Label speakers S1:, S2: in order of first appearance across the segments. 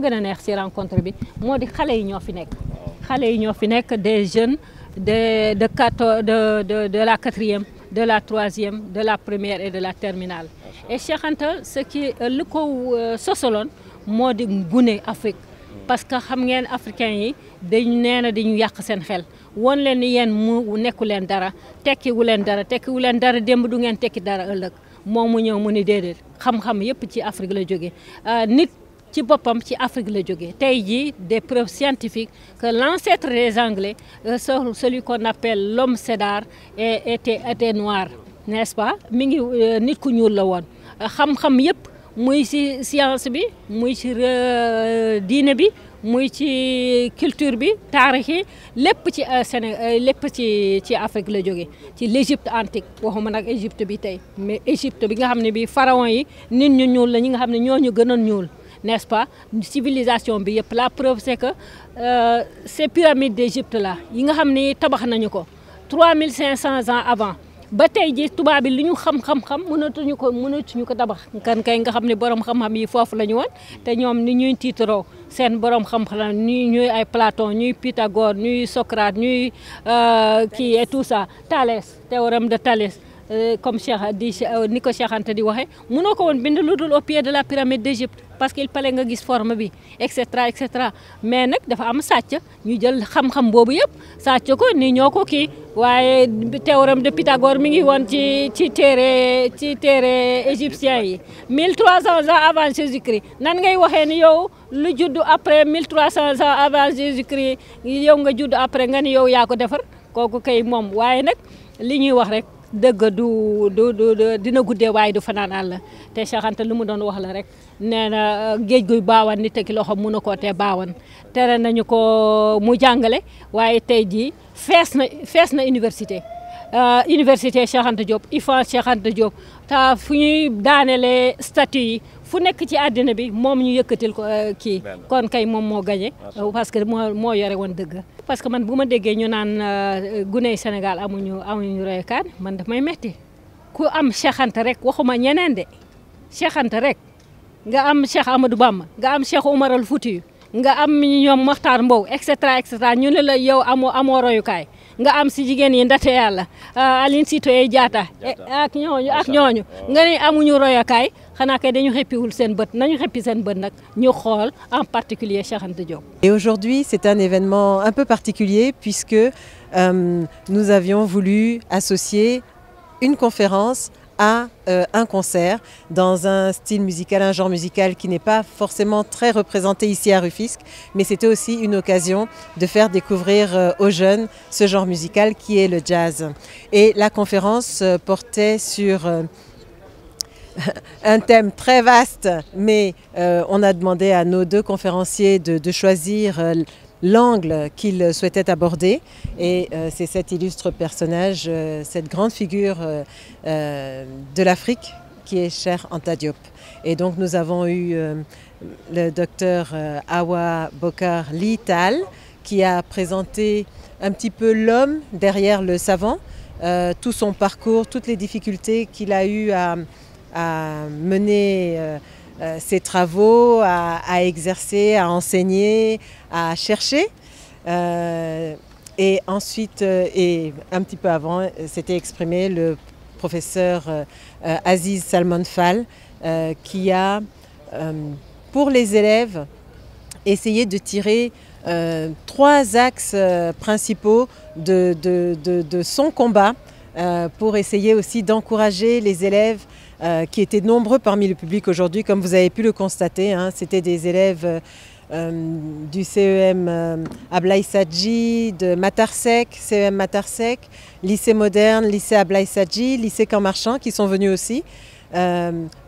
S1: ma gën neex ci rencontre bi modi xalé yi ñofi nek xalé yi ñofi nek des jeunes de de quator de de de la quatrième de la troisième de la première et de la terminale et Cheikh Anta ce qui euh, le ko euh, sosoloon moo di gune Afrique parce que xam ngeen africain yi dañ néna na dañu yàq seen xel won len yeen mu nekku leen dara wu len dara wu len dara démb du ngeen tekki dara ëllëg momu mu ñëw mu ni déedéet xam-xam yépp ci Afrique la euh, nit ci bopam ci Afrique la jógee tay ji des preuves scientifiques que l'ancêtre des Anglais euh, celui qu'on appelle l'homme cédar était était noir n'est-ce pas mi ngi euh, nit ku ñuul la won euh, xam-xam yépp muy ci science bi muy ci diine bi muy ci culture bi taarix yi lépp ci Sénégal lépp ci ci Afrique la jóge ci l'Égypte antique waxuma nak Égypte bi tay mais Égypte bi nga xamné ne pharaon yi nit ñu ñuul la ñi nga xamné ne ñoo ñu ñuul n'est-ce pas civilisation bi la preuve c'est que euh, ces pyramides d'Égypte là yi nga xam ne tabax nañu ko 3500 ans avant ba tey ji tubaab bi li ñu xam-xam-xam mënatuñu ko mënatuñu ko tabax kan kay nga xam ne borom xam-xam yi foofu la ñu woon te ñoom ni ñuy tiitaroo seen borom xam-xam ñuy ñuy ay Platon ñuy Pythagore ñuy Socrate ñuy qui euh, et tout ça Thalès théorème de Thalès euh, comme Cheikh di euh, ni ko Cheikh Anta di waxee mënoo ko woon bind lu dul au pied de la pyramide d'Égypte parce que il fallait nga gis forme bi et cetera et mais nag dafa am sàcc ñu jël xam-xam boobu yëpp sàcc ko ni ñoo ko kii waaye théorème de Pythagore mi ngi woon ci ci téere ci téere égyptien yi 1300 ans avant Jésus-Christ nan ngay waxee ni yow lu juddu après 1300 ans avant Jésus-Christ yow nga juddu après nga ni yow yaa ko defar kooku kay moom waaye nag li ñuy wax rek. dëgg du du du dina gudde waaye du fanaan àll te Cheikh Anta lu doon wax la rek nee na uh, géej guy baawan nit ki loxo mun na koo te baawan tere nañu ko mu jàngale waaye tey jii fees na fees na université uh, université Cheikh Anta Diop IFAN Cheikh Anta Diop ta fu ñuy daanelee statut yi fu nekk ci àddina bi moom ñu yëkkatil ko euh, kii kon kay moom moo gañe parce que moo moo yore woon dëgg parce que man bu ma déggee ñu naan euh, gune Sénégal amuñu amuñu roykaan man daf may metti ku am Cheikh rek waxuma ñeneen de Cheikh Anta rek nga am Cheikh Amadou Bamba nga am Cheikh Oumar al nga am ñoom Mokhtar Mbow et cetera et cetera ñu ne la yow amoo amoo royukaay nga am si jigéen yi ndate yalla alin ah, Aline Sitoé eh, Diatta ak ñooñu ak ñooñu oh. nga ni amuñu royokaay xana kay dañu xëppiwul sen beut nañu xepi sen beut nak ñu xol en particulier Cheikh Anta Diop.
S2: Et aujourd'hui c'est un événement un peu particulier puisque euh, nous avions voulu associer une conférence à euh, un concert dans un style musical, un genre musical qui n'est pas forcément très représenté ici à Rufisque, mais c'était aussi une occasion de faire découvrir euh, aux jeunes ce genre musical qui est le jazz. Et la conférence euh, portait sur un thème très vaste, mais on a demandé à nos deux conférenciers de, choisir l'angle qu'il souhaitait aborder. Et euh, c'est cet illustre personnage, euh, cette grande figure euh, de l'Afrique qui est chère Anta Diop. Et donc nous avons eu le docteur Awa Bokar Lital qui a présenté un petit peu l'homme derrière le savant, tout son parcours, toutes les difficultés qu'il a eu à, à mener euh, ses travaux, à, exercer, à enseigner, à chercher. Euh, et ensuite, euh, et un petit peu avant, s'était exprimé le professeur Aziz Salman Fall, qui a, pour les élèves, essayé de tirer trois axes principaux de, son combat pour essayer aussi d'encourager les élèves euh, qui étaient nombreux parmi le public aujourd'hui, comme vous avez pu le constater. Hein. C'était des élèves euh, euh, du CEM euh, Ablaïsadji, de Matarsek, CEM Matarsek, lycée moderne, lycée Ablaïsadji, lycée Camp qui sont venus aussi.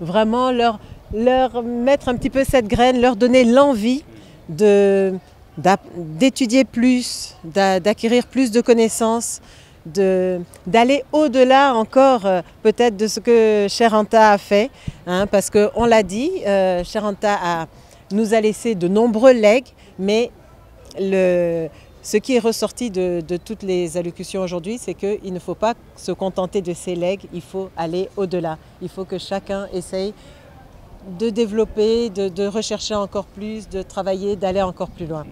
S2: vraiment leur, leur mettre un petit peu cette graine, leur donner l'envie d'étudier plus, d'acquérir plus de connaissances, d'aller au-delà encore euh, peut-être de ce que Cherenta a fait, hein, parce qu'on l'a dit, euh, nous a laissé de nombreux legs, mais le, ce qui est ressorti de, de toutes les allocutions aujourd'hui, c'est qu'il ne faut pas se contenter de ces legs, il faut aller au-delà, il faut que chacun essaye de développer, de rechercher encore plus, de travailler, d'aller encore plus loin.